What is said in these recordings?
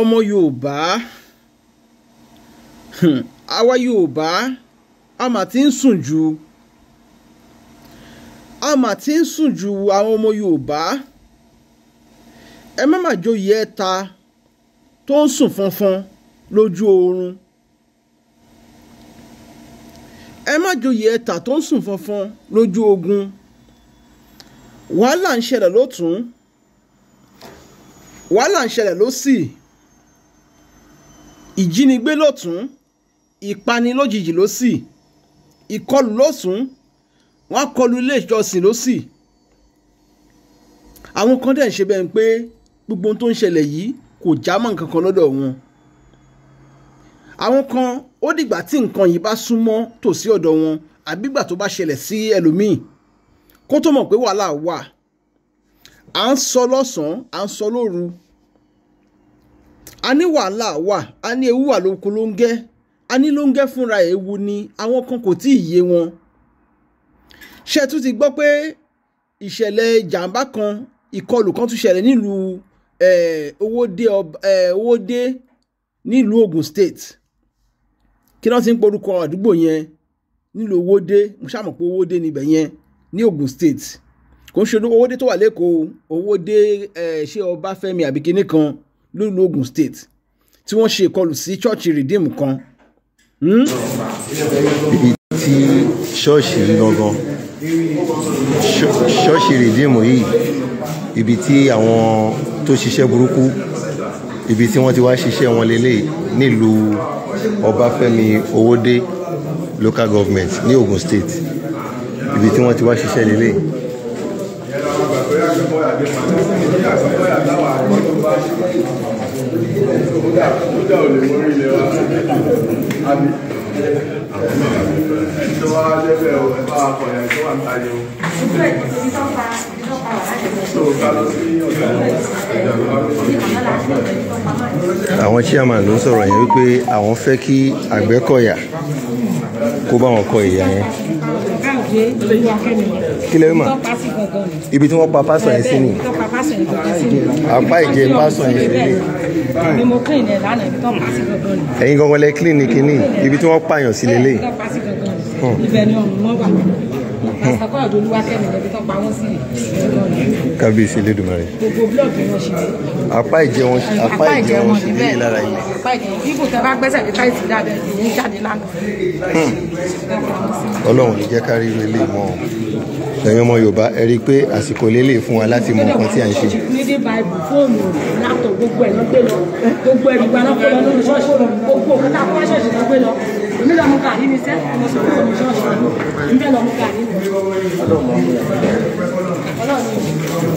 ọmọ yorùbá hmm, àwa yorùbá a mà ti ń sùn ju a mà ti ń sùn ju àwọn ọmọ yorùbá ẹ má mà joyè ẹ ta tó ń sùn fọnfọn lójú oorun ẹ má joyè ẹ tó ń sùn fọnfọn lójú ogun wàhálà ń ṣẹlẹ̀ lọ́tún wàhálà ń ṣẹlẹ̀ lọ́sì. Si ìjínigbé lọ́tún ìpani lójijì lósì ìkọlù lọ́tún wọ́n kọlù ilé ìjọsìn lósì àwọn kan dẹ̀ ń ṣe bẹ́ẹ̀ pé gbogbo ohun tó ń ṣẹlẹ̀ yìí kò já mọ́ nǹkan kan lọ́dọ̀ wọn àwọn kan ó dìgbà tí nǹkan yìí bá súnmọ́ tòsí ọ̀dọ̀ wọn àbí tó bá ṣẹlẹ̀ sí ẹlòmíì kó tó mọ̀ pé wàhálà wà à ń sọ lọ́sàn-án à ń sọ lóru a ní wàhálà wà a ní ewu wà lóko lóńgẹ́ a ní lóńgẹ́ fúnra ewu ni àwọn kan kò tí ì yé wọn. ṣé tún ti gbọ́ pé ìṣẹ̀lẹ̀ jàǹbá kan ìkọlù kan tún ṣẹlẹ̀ nílùú owóde owóde nílùú Ogun State kí wọ́n ti ń porúkọ àdúgbò yẹn nílùú owóde mo ṣáà owóde níbẹ̀ yẹn ní Ogun State kò ń ṣe owóde tó wà lẹ́kọ̀ọ́ owóde ṣé Ọbáfẹ́mi àbí kan lólu Ogun State tí wọ́n ṣe ìkọlù sí ṣọ́ọ̀ṣì Redeem kan. Hmm? ibi tí ṣọ́ọ̀ṣì yìí gangan ṣọ́ọ̀ṣì Redeem yìí ibi tí àwọn tó ṣiṣẹ́ burúkú ibi tí wọ́n ti wá ṣiṣẹ́ wọn lélẹ̀ nílùú Ọbáfẹ́mi Owódé local government ní Ogun State ibi tí wọ́n ti wá ṣiṣẹ́ lélẹ̀. kódà kódà ò lè mórí ilé wa àbí ẹjọ́ wa lẹ́bẹ̀ ọ ẹ bá wa kọ̀ yẹn tó wà ń tayé o. àwọn chairman ló sọ̀rọ̀ yẹn wípé àwọn fẹ́ kí Àgbẹ̀kọ̀yà kó bá wọn kọ ìyá yẹn kí mọ̀ ibi tí wọ́n pa pásọ̀ yẹn sí ni apá ìjẹ pásọ̀ yẹn sí ni ni mo clean ẹ̀ lánàá ibi tó pa sí gangan ni. ẹ̀yin gangan lẹ clean ni kínní ibi tí wọ́n pààyàn sí lélẹ̀. ibẹ̀ ni ọ̀run mọ́ wà pásítọ̀ àdolúwa kẹ́mi lẹ́bi tó pa wọ́n sí kábíyèsí lẹ́dùnmọ́rẹ́. gbogbo búlọ̀kì wọn ṣe. apá ìjẹ wọn apá ìjẹ wọn ṣe lé lára ilẹ̀. apá ìjẹ ibù tẹ bá gbẹ́sẹ̀ lé táìsì dáadáa ìyẹn jáde lánàá. Hmm. ọlọ́run ní jẹ́ ká rí ilé mọ́ ọ ẹ̀yin ọmọ yorùbá ẹ rí i pé àsìkò lélẹ̀ fún wa láti mọ nǹkan tí à ń ṣe gbogbo ẹ̀ ló gbé lọ gbogbo ẹ̀rù gba náà kó lọ nínú ṣọ́ọ̀ṣì gbogbo òkúta kó ṣọ́ọ̀ṣì ló gbé lọ èmi lọ mú gàrí mi sẹ́ mo sọ fún mi ṣọ́ọ̀ṣì mi bẹ́ẹ̀ lọ mú gàrí mi. Ọlọ́run ni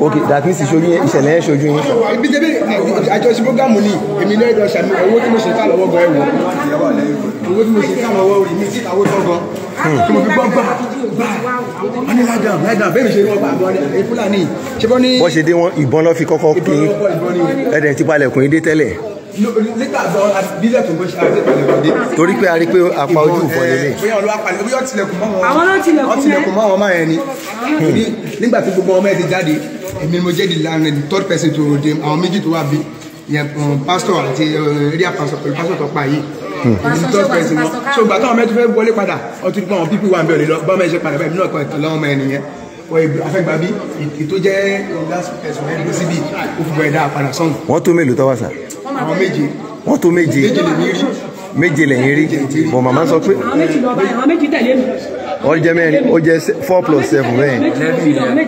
ok that means ìṣojú yẹn ìṣẹ̀lẹ̀ yẹn ṣojú yín. ibi tẹ́bí àjọṣe programu ni èmi náà ìdọ̀ṣà mi owó tí mo ṣe ká lọ́wọ́ gan ẹ̀wọ̀ owó tí mo ṣe ká lọ́wọ́ rí mi síta owó tán gan tí fi gbọ́ gbà gbà ní lie down lie down bẹ́ẹ̀ mi ṣe wọ́n gbà àbọ̀ ẹ̀ fúlàní. bọ́sẹ̀ dé wọn ìbọn lọ fi kọ́kọ́ kí ẹ̀dẹ̀ ti palẹ̀kùn yín dé tẹ́lẹ̀ torí pé a rí pé apá ojú ìfọ lélẹ̀. àwọn náà tilẹ̀kùn mọ́ wọn máa yẹn ni hmm. nígbà tí gbogbo ọmọ ẹ ti jáde èmi mo jẹ́ di lánàá di third person to de àwọn méjì tó wà bí yẹn um, pastor àti uh, area pastor pẹ̀lú pastor tó pa yìí hmm. èmi ni third person wọn so gbà táwọn mẹ́tò fẹ́ wọlé padà ọtún nípa àwọn pípì wà ń bẹ̀rẹ̀ lọ bá ọmọ ẹ ṣe padà báyìí nínú ọ̀kan ìtàn lọ́wọ́ ọmọ ẹ nìyẹn afẹ́gbàbí ètò jẹ́ last person ẹ̀ lọ síbi ó fi bọ̀ ẹ̀dá padà sọ́nù. wọ́n tó mélòó tọ́wọ́ sà méje wọ́n tó méje méje lẹ́yìn rí bọ̀ màmá sọ pé wọ́n jẹ́ mẹ́rin ó jẹ́ four plus seven mẹ́rin. wọ́n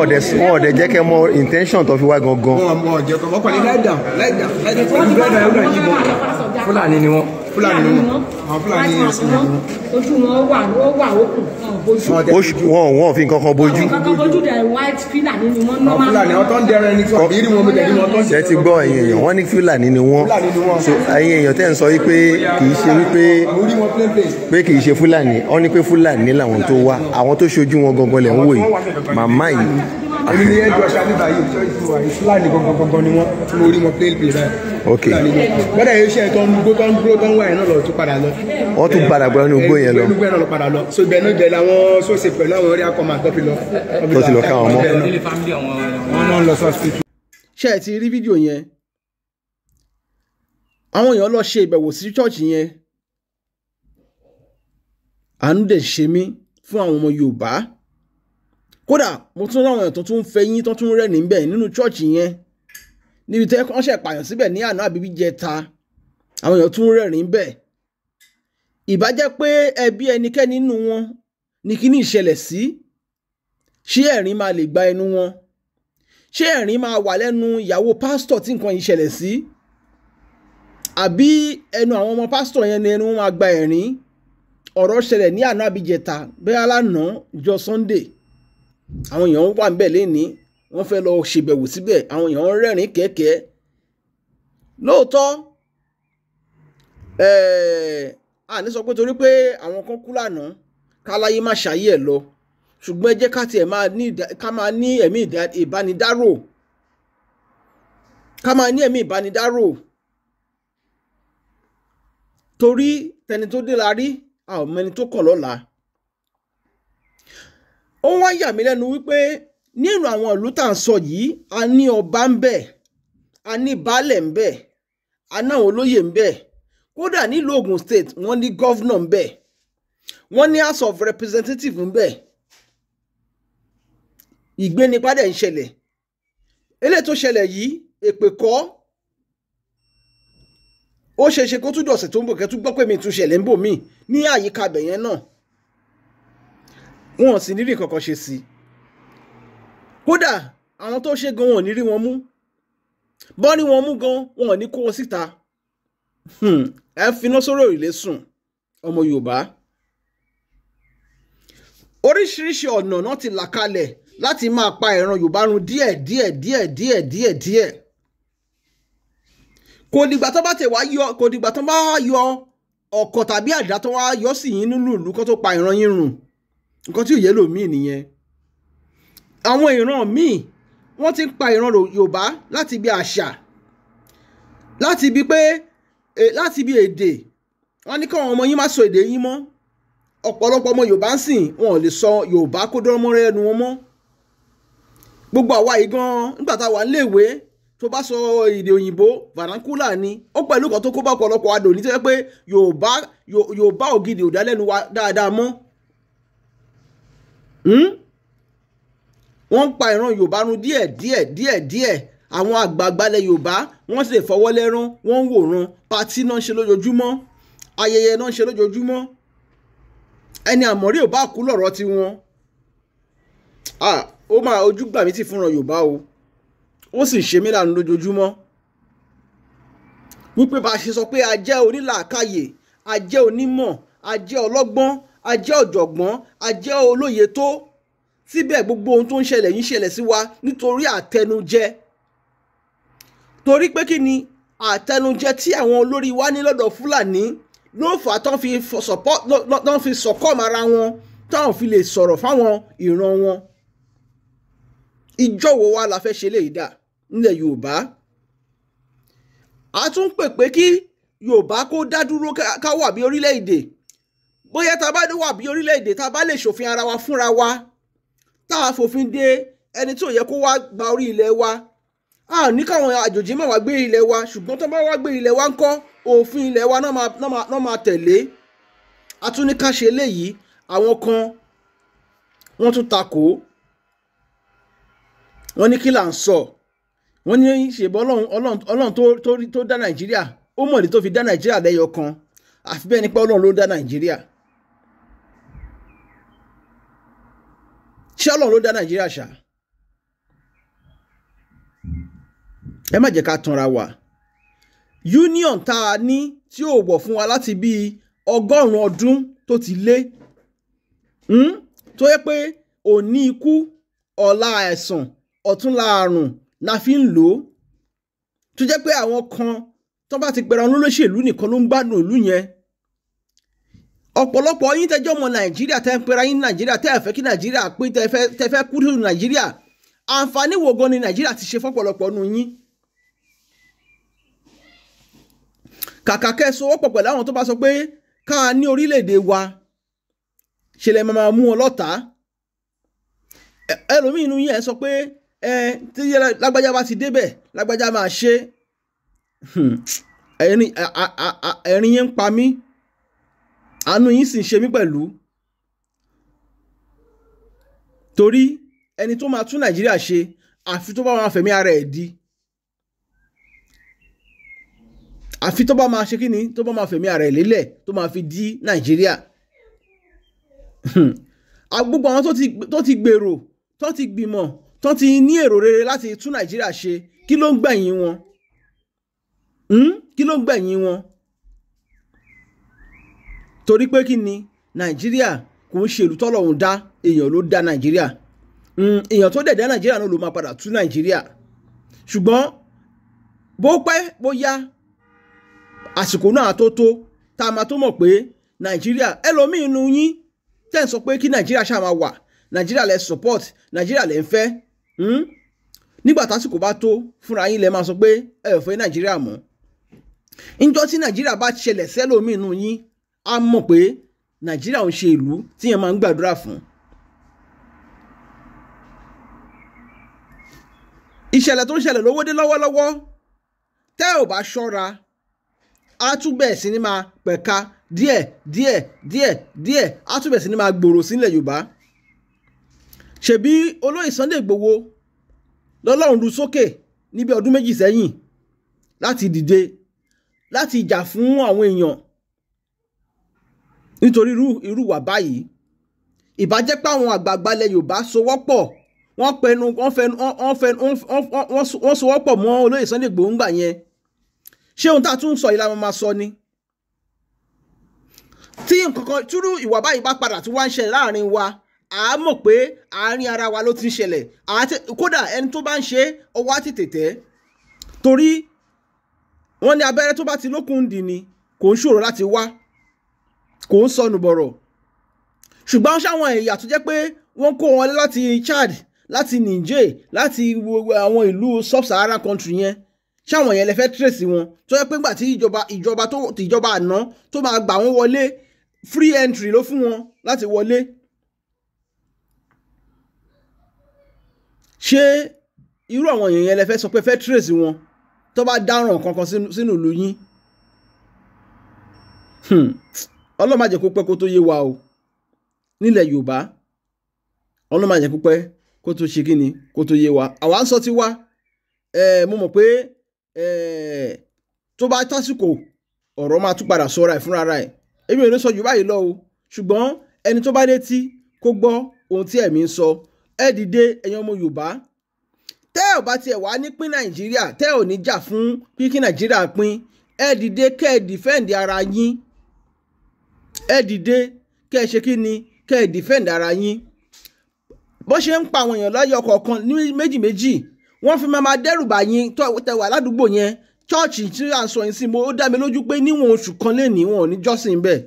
ọ̀dẹ̀ wọ́n ọ̀dẹ̀ jẹ́ kẹ́ mọ intention tó fi wá gangan. wọ́n ọ̀jẹ̀ kọ́ mọ́kànlélẹ́dà lẹ́dà lẹ́dà lẹ́dà yìí bọ̀ fúlàní ni wọ́n fúlàní ni wọ́n àwọn fúlàní yẹn sì ni wọ́n. ojú wọn wà wọ́n wà òkun wọn bojú. wọn wọn fi nǹkan kan bojú. nǹkan kan bojú dẹ̀ white fúlàní ni wọ́n normal. fúlàní wọn tó ń dẹrẹ ní sọ ìrírí wọn bẹ̀rẹ̀ ní wọn tó ń dẹrẹ. ṣé ti gbọ́ ẹ̀yin èèyàn wọ́n ní fúlàní ni wọ́n so ẹ̀yin èèyàn tẹ́ ń sọ wípé kì í ṣe wípé pé kì í ṣe fúlàní wọ́n ní pé fúlàní làwọn tó wá àwọn tó ṣojú wọn gangan lẹ̀ ń wò yìí màmá yìí èmi ni ẹ dọ̀ṣà nígbà yìí ṣọ́ ìfún wa ìfúlàní gangan ni wọ́n tí mo wọn play play báyìí. ok bọ́dà yìí ṣe tó ń gbó tó ń dúró tó ń wà yẹn náà lọ tún padà lọ. wọ́n tún padà gbọ́ ní ogbó yẹn lọ. ogbó yẹn náà lọ padà lọ so ibẹ̀ náà jẹ́ làwọn sọ́ọ̀sì pẹ̀lú àwọn orí akọ́mọ àtọ́fi lọ. tó ti lọ ká wọn mọ́. wọ́n ẹ ti rí fídíò yẹn àwọn èèyàn lọ ṣe ìbẹ̀wò sí chọ́ọ̀chì fún àwọn ọmọ Yorùbá kódà mo tún ráwọn èèyàn tó tún fẹ́ yín tó tún rẹ̀ níbẹ̀ nínú chọ́ọ̀chì yẹn níbi tẹ́ wọ́n pààyàn síbẹ̀ ní àná àbíbí jẹ àwọn èèyàn tún rẹ̀ níbẹ̀ ìbá pé ẹbí ẹnikẹ́ni nínú wọn ni kíní ìṣẹ̀lẹ̀ sí ṣé ẹ̀rín máa lè gba ẹnu wọn ṣé ẹ̀rín máa wà lẹ́nu ìyàwó pásítọ̀ tí nǹkan yìí sí àbí ẹnu àwọn ọmọ pásítọ̀ yẹn ni ẹnu wọn máa gba ẹ̀rín ọ̀rọ̀ ṣẹlẹ̀ ní àná àbíjẹta bẹ́ẹ̀ lánàá jọ Sunday àwọn èèyàn wà níbẹ̀ lénìí wọ́n fẹ́ lọ ṣèbẹ̀wò síbẹ̀ àwọn èèyàn rẹ́rìn kẹ́kẹ́ lóòótọ́ àní sọ pé torí pé àwọn kan kú lánàá káláyé má ṣàyé ẹ̀ lọ ṣùgbọ́n ẹ jẹ́ ká tiẹ̀ ká máa ní ẹ̀mí ìbánidárò ká máa ní ẹ̀mí ìbánidárò torí tẹni tó dé la rí a ò mẹni tó kàn lọ́la ó wá yà mí lẹ́nu wípé nínú àwọn ìlú tá à ń sọ yìí a ní ọba ń bẹ a ní baálẹ̀ ń bẹ a ní àwọn olóyè ń bẹ kódà nílùú Ogun State wọ́n ní gọ́vnà ń bẹ wọ́n ní house of representative ń bẹ ìgbénipadà ń ṣẹlẹ̀ eléyìí tó ṣẹlẹ̀ yìí èpè kọ́ ó ṣeéṣe kó tún dọ̀sẹ̀ tó ń bọ̀ kẹ́tù gbọ́ pé mi tún ṣẹlẹ̀ ń bò mí ní àyíká abẹ̀yẹn náà wọn sì ní rí kankan ṣe sí i kódà àwọn tó ṣe gan wọn ò ní rí wọn mú bọ́ ní wọn mú gan wọn ò ní kó wọn síta hmm, ẹ finá sórí òrìlé sùn ọmọ Yorùbá oríṣiríṣi ọ̀nà náà ti là kalẹ̀ láti máa pa ìran Yorùbá run díẹ̀ díẹ̀ díẹ̀ díẹ̀ díẹ̀ díẹ̀ kò dìgbà tó bá tẹ̀ wá yọ kò dìgbà tó bá yọ ọkọ̀ tàbí àdá tó wá yọ sí yín nínú ìlú kó tó pa ìran yín run nǹkan tí ò yẹ lòmíì nìyẹn àwọn ìran míì wọ́n ti ń pa ìran Yorùbá láti ibi àṣà láti ibi pé e, láti ibi èdè wọ́n ní káwọn ọmọ yín má sọ èdè yín mọ́ ọ̀pọ̀lọpọ̀ ọmọ Yorùbá ń sìn wọn ò lè sọ Yorùbá kó dọ́rọ́ mọ́ ẹnu wọn mọ́ gbogbo àwa yìí gan-an nígbà tá a wà níléèwé tó bá sọ èdè òyìnbó vernacular ni ó pẹ̀lú kan tó kó bá ọ̀pọ̀lọpọ̀ adò ní tó yẹ pé Yorùbá Yorùbá ògidì ò dá lẹ́nu wa dáadáa mọ́ Hmm? wọ́n ń pa ìran yorùbá run díẹ̀ díẹ̀ díẹ̀ díẹ̀ àwọn àgbààgbàlẹ̀ yorùbá wọ́n sì fọwọ́ lẹ́rán wọ́n ń wòran patí náà ń ṣe lójoojúmọ́ ayẹyẹ náà ń ṣe lójoojúmọ́ ẹni àmọ́rí ò bá kú lọ́rọ̀ tiwọn ó máa ojú gbà mí tì fúnra yorùbá o ó sì ṣe mí lànà lójoojúmọ́ wípé bá a ṣe sọ pé a jẹ́ onílàákàyè a jẹ́ onímọ̀ a jẹ́ ọlọ́gbọ́n a jẹ́ ọ̀jọ̀gbọ́n a jẹ́ olóye tó síbẹ̀ gbogbo ohun tó ń ṣẹlẹ̀ yìí ṣẹlẹ̀ sí wa nítorí àtẹnujẹ torí pé kí ni àtẹnujẹ tí àwọn olórí wa ní lọ́dọ̀ fúlàní ló fà á tán fi support tán fi sọ̀kọ́m ara wọn táwọn fi lè sọ̀rọ̀ fáwọn ìran wọn ìjọ́wọ́ wa la fẹ́ ṣe léyìí dà nílẹ̀ yorùbá a tún pè pé kí yorùbá kó dá ká wà bí orílẹ̀-èdè bóyá tá a bá wà bí orílẹ̀-èdè tá a bá lè ṣòfin ara wa fúnra wa tá a fòfin de ẹni tí ò yẹ kó wá gba orí ilẹ̀ wa a ní káwọn àjòjì má wá gbé ilẹ̀ wa ṣùgbọ́n tó bá wá gbé ilẹ̀ wa ń kọ́ òfin ilẹ̀ wa náà máa tẹ̀lé a tún ní ká ṣe eléyìí àwọn kan wọ́n tún takò wọ́n ní kí là ń sọ wọ́n ní ṣèbọ̀ ọlọ́run tó dá nàìjíríà ó mọ̀ ní tó fi dá nàìjíríà lẹ́yọ kan àfi bẹ́ẹ̀ ni pé ọlọ́run ló dá nàìjíríà ṣé ọlọ́run ló dá nàìjíríà ṣá ẹ má jẹ́ ká tanra wa union tá a ní tí ò wọ̀ fún wa láti bíi ọgọ́rùn-ún ọdún tó ti lé hmm, tó yẹ pé òní ikú ọ̀la ẹ̀sàn ọ̀túnla àrùn la fi ń lò ó tó jẹ́ pé àwọn kan tó bá ti pẹ̀rọ olóṣèlú nìkan ló ń gbádùn ìlú yẹn ọ̀pọ̀lọpọ̀ yín tẹ́jọ́ ọmọ nàìjíríà tẹ́ ń pera yín nàìjíríà tẹ́ ẹ̀ fẹ́ kí nàìjíríà pín tẹ́ fẹ́ kú nínú nàìjíríà àǹfààní wo gan ni nàìjíríà ti ṣe fọ́pọ̀lọpọ̀ nù yín. kàkà kẹ́ ẹ sowọ́pọ̀ pẹ̀lú àwọn tó bá sọ pé ká ní orílẹ̀-èdè wa ṣe lè máa mú wọn lọ́tàá ẹlòmíì inú yín ẹ sọ pé ẹ tí lágbájá bá ti débẹ̀ lágbájá máa ṣe hmm. ẹ̀rín yẹn ń pa mí àánú yín sì ń ṣe mí pẹ̀lú torí ẹni tó máa tún nàìjíríà ṣe àfi tó bá máa fẹ̀mí ara ẹ̀ di àfi tó bá máa ṣe kí ni tó bá máa fẹ̀mí ara ẹ̀ lélẹ̀ tó máa fi di nàìjíríà gbogbo àwọn tó ti gbèrò tó ti gbìmọ̀ tó ti ní èrò rere láti tún nàìjíríà ṣe kí ló ń gbẹ̀yìn wọn hmm? kí ló ń gbẹ̀yìn wọn torí pé kí ni nàìjíríà kò ń ṣe ìlú tọ́lọ́run dá èèyàn ló dá nàìjíríà hmm, èèyàn tó dẹ̀ dá nàìjíríà náà ló máa padà tú nàìjíríà ṣùgbọ́n bó pẹ́ bó yá àsìkò náà tó tó tá a máa tó mọ̀ pé nàìjíríà ẹlòmíín nu yín tẹ́ ń sọ pé kí nàìjíríà ṣáà máa wà nàìjíríà lẹ support nàìjíríà lẹ ń fẹ́ hmm, nígbà tásìkò bá tó fúnra yín lẹ máa sọ pé ẹ ò fẹ́ nàìjíríà mọ́ níjọ́ tí nàìjíríà bá ṣẹlẹ̀ sẹ́lòmíín nu yín á mọ̀ pé nàìjíríà ń ṣe ìlú tíyẹn máa ń gbàdúrà fún. ìṣẹ̀lẹ̀ tó ń ṣẹlẹ̀ lówódé lọ́wọ́lọ́wọ́ tẹ́ ò bá ṣọ́ra á tún bẹ̀rẹ̀ sí ni máa pẹ̀ka díẹ̀ díẹ̀ díẹ̀ díẹ̀ á tún bẹ̀rẹ̀ sí ni máa gbòòrò sílẹ̀ yorùbá ṣebí olóyè Sunday Igboho lọ́lọ́run lu sókè níbi ọdún méjì sẹ́yìn láti dìde láti jà fún àwọn èèyàn nítorí irú wà báyìí ìbájẹ́ pé àwọn àgbààgbà ilẹ̀ Yorùbá sowọ́pọ̀ wọ́n pẹnu wọ́n fẹnu wọ́n fẹnu wọ́n sowọ́pọ̀ mọ́ olóyè Sunday Igboho ńgbà yẹn ṣé ohun tá a tún sọ yìí la máa sọ ni tí nǹkankan túrú ìwà báyìí bá padà tún wá ń ṣẹlẹ̀ láàrin wa a mọ̀ pé àárín ara wa ló ti ń ṣẹlẹ̀ kódà ẹni tó bá ń ṣe ọwọ́ á ti tètè torí wọ́n ní abẹ́rẹ́ tó bá ti lókun dì ní kò ń ṣòro láti wá kò ń sọnù bọ̀rọ̀ ṣùgbọ́n ṣáwọn ẹ̀yà tó jẹ́ pé wọ́n kó wọn láti Chad láti Niger láti àwọn ìlú sub-Saharan country yẹn ṣáwọn yẹn lè fẹ́ trace wọn tó jẹ́ pé nígbà tí ìjọba ìjọba tó ìjọba àná tó máa gbà wọ́n wọlé free entry ló fún wọn láti wọlé. ṣé irú àwọn èèyàn yẹn lè fẹ́ sọ pé fẹ́ trace wọn tó bá dáràn kankan sínú ìlú yín. Hmm ọlọ́run má jẹ́ kó pẹ́ kó tó yé wa o nílẹ̀ yorùbá ọlọ́run má kó pẹ́ kó tó ṣe kíni kó tó yé wa àwa ń sọ ti wa mo mọ̀ pé tó bá tásìkò ọ̀rọ̀ máa tún padà sọ́ra ẹ̀ fúnra ara ẹ̀ èmi ò ní sọ yorùbá yìí lọ o ṣùgbọ́n ẹni tó bá létí kó gbọ́ ohun tí ẹ̀mí ń sọ ẹ dìde ẹ̀yin ọmọ yorùbá tẹ́ ò bá tiẹ̀ wá ní pín nàìjíríà tẹ́ ò ní jà fún pínpín nàìjíríà pín ẹ dìde kẹ́ ẹ dìfẹ́ǹdì ara yín ẹ dìde kẹ́ ẹ ṣe kí ni kẹ́ ẹ defend ara yín bó ṣe ń pa àwọn èèyàn láyọ̀ kọ̀ọ̀kan ní méjì méjì wọ́n fi máa máa dẹ́rù bà yín tó tẹ wà ládùúgbò yẹn chọ́ọ̀chì tí à ń sọ yín sí mo ó dá mi lójú pé níwọ̀n oṣù kan lẹ́nìí wọn ò ní jọ́sìn bẹ́ẹ̀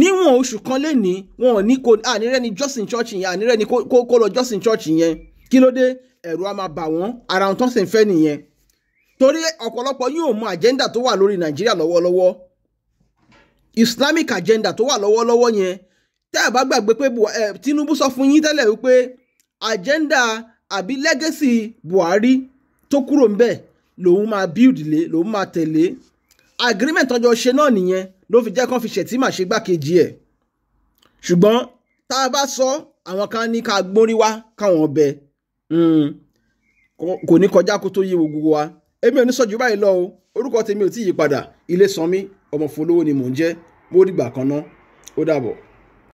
níwọ̀n oṣù kan lẹ́nìí wọn ò ní kó ànírẹ́ni jọ́sìn chọ́ọ̀chì yẹn ànírẹ́ni kó lọ jọ́sìn chọ́ọ̀chì yẹn kí ló dé ẹ̀rù a máa bà wọ́n ara wọn tó ń fẹ́ nìyẹn torí ọ̀pọ̀lọpọ̀ yóò mọ àjẹ́ńdà tó wà lórí Nàìjíríà lọ́wọ́lọ́wọ́ Islamic agenda tó wà lọ́wọ́lọ́wọ́ yẹn tẹ́ ẹ̀ bá gbàgbé pé eh, Tinubu sọ fún yín tẹ́lẹ̀ wípé agenda àbí legacy Buhari tó kúrò ń bẹ̀ lòun máa build lé lòun máa tẹ̀lé agreement ọjọ́ ṣe náà nìyẹn ló fi jẹ́ kán fi ṣẹ̀tì màṣe gbákejì ẹ̀ ṣùgbọ́n tá a bá sọ àwọn kan ní ká gbórí wá káwọn ọbẹ hmm, kò ní kọjá kó tó yé gbogbo wa èmi ò ní sọ jù báyìí lọ o orúkọ tèmi ò tí yí padà ilé sanmi ọmọ fún ni mò ń jẹ́ mo dìgbà kan ná ó dàbọ̀.